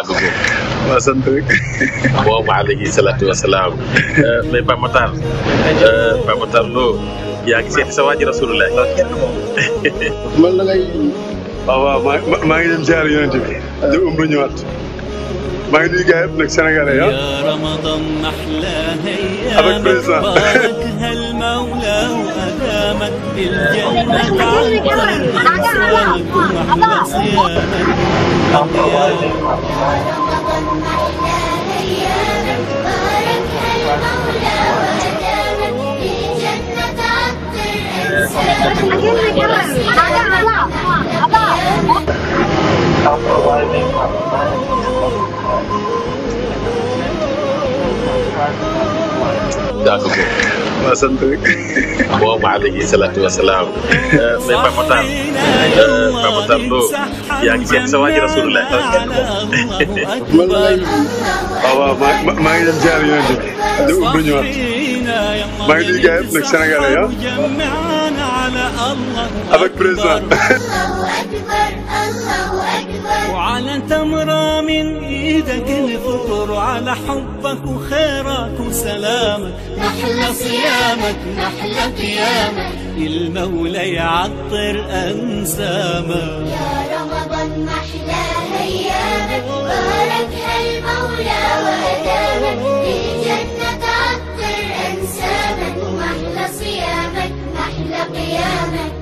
laa dugg. waaw sant rek. boo ma alayhi salaatu wa salaam. Euh, mais Pape euh, yaa ngi seeti sa waa ji rasulullah. man la ngay. waaw ah, waaw maa maa ngi dem ziar yonent bi. di umra ñëwaat. maa ngi nuyu gars yëpp لولاه أدامت الجنة عن سألكم أحلى صياما أقياما D'accord. waaw sant rek. moom alayhi salaatu wa salaam. Euh, mais Papa Tall euh, Papa Tall Lo yaa ngi seet sa waa ji rasulullah. man lay. waaw ah, waaw maa maa ngi dem ziar yoon bi. di ubbi ñëwaat. maa ngi nuyu gars yëpp nag Sénégalais ah. avec président. نشكر على حبك وخيرك وسلامك نحلى صيامك نحلى قيامك المولى يعطر أنسامك يا رمضان محلى أيامك بارك هالمولى وأدامك بالجنة تعطر أنسامك ومحلى صيامك محلى قيامك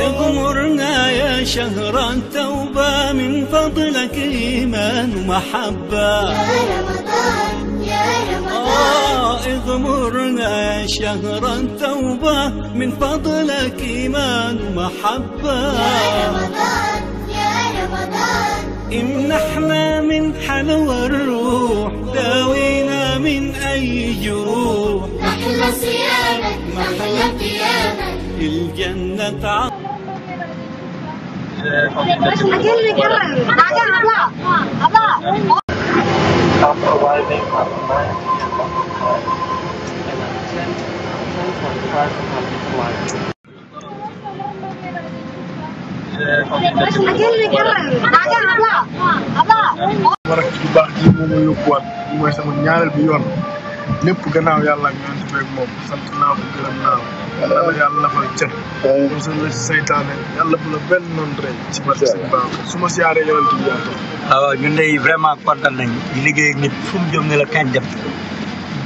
اغمرنا يا شهر التوبة من فضلك إيمان ومحبة يا رمضان يا رمضان اغمرنا يا شهر التوبة من فضلك إيمان ومحبة يا رمضان يا رمضان امنحنا من حلوى الروح داوينا من أي جروح محلى صيامك محلى قيامك الجنة عظيمة Compromising on the mind and attention, attention, attention, attention, attention, lépp gannaaw yàlla ak yonent bi ak moom sant naa ko gërëm naa ko yàlla na si saytaane yàlla bu la benn noonu rey ci barke sëñ Babacar su ma siyaaree yonent bi yaa ñun day vraiment kontaan nañ di liggéey ak nit fu mu jëm la kañ def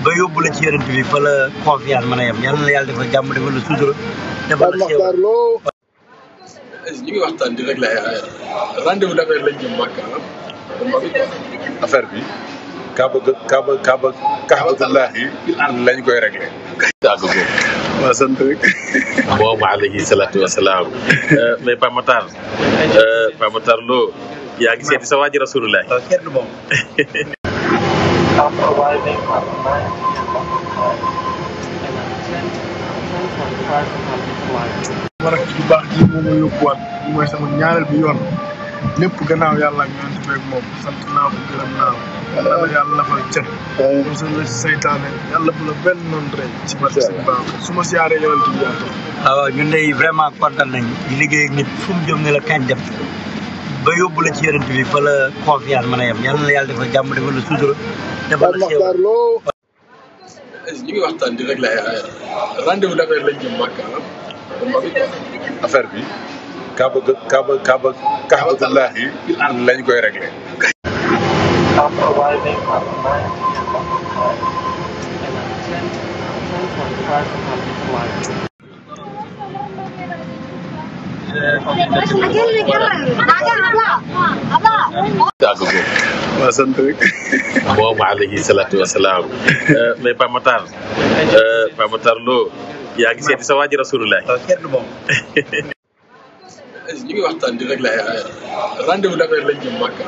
ba yóbbu la ci yonent bi fa la confiance mën a yem yàlla na yàlla defal jàmm defal la sutura defal la sew ñu di régler ay affaire rendez-vous d'affaire lañ ah. affaire bi Kaaba Kaaba Kaaba Kaabatullaahi lañ koy Kaaba Kaaba. waaw sant rek. waaw ma alayhi salaatu wa euh, mais Pape Matar. Euh, yaa ngi seeti sa waa lépp gannaaw yàlla ak ñoom moom sant naa ko yàlla na yàlla lafal cat. mosal su ma siyaaree yonent bi yaa tax. waaw ñun day vraiment kontaan liggéey nit fu mu jëm ne la kañ ci yonent bi fa la confiance mën yem yàlla yàlla defal jàmm defal la sutura. defal la séeréer ñu ngi waxtaan di régler ay affaires rendez-vous bi Kaaba Kaaba Kaaba Kaabatullaahi lañ koy régler. providing a waaw sant rek. moom alayhi salaatu wa salaam. mais Pape Matar. Pape Matar Lo. yaa ngi seeti sa waa ji Rasulullah. ñu ngi waxtaan di rek laay rendez-vous d'affaires lañ jëm Makka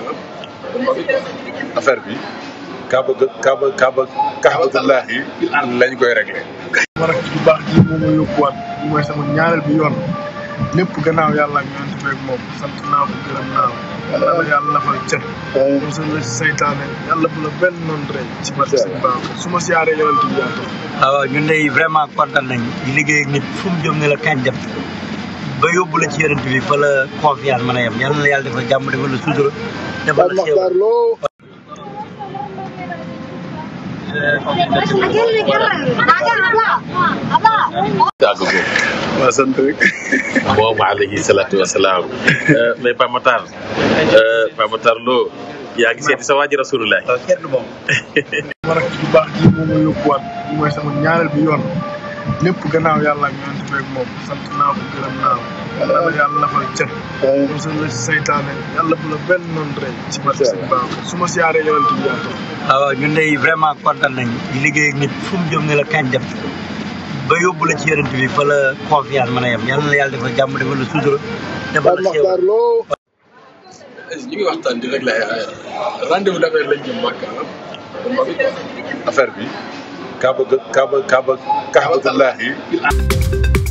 affaire bi Kaaba Kaaba Kaaba Kaabatullaahi lañ koy réglé. ma rek bu moom la yóbbuwaat mooy sama ñaareel bi yoon lépp gannaaw yàlla ak yonent bi moom sant naa ko gërëm si saytaane yàlla bu benn noonu rey. ci barke sëñ su ma siyaaree yonent bi yaa ah waaw ñun day vraiment kontaan nañ liggéey ak nit fu mu jëm ne la kañ dem ba yóbbu la ci yonent bi fa la confiance mën a yem yàlla na yàlla defal jàmm defal la sutura. Pape Makhtar Lo waaw sant rek. waaw maaleykum salaatu wa salaam. mais Pape Makhtar. Pape Makhtar Lo. yaa ngi seeti sa waa ji Rasulullah. waaw kenn du moom. ma rek bu baax ji moom la yóbbuwaat mooy sama ñaareel bi yoon lépp gannaaw yàlla ak ñoom moom sant naa ko gërëm naa ko yàlla na yàlla lafal cat. mosal la si saytaane yàlla bu la benn noonu rey. ci barke Sëñ Bamba su ma siyaaree yonent bi waaw waaw ñun day vraiment kontaan nañ liggéey nit fu mu jëm ne la ba yóbbu la ci yonent bi fa la confiance mën yam yem yàlla na yàlla jàmm defal la sutura. defal la xew ñu ngi waxtaan di régler rendez-vous d'affaire lañ jëm Makka affaire bi. Kaaba Kaaba Kaaba Kaabatullaahi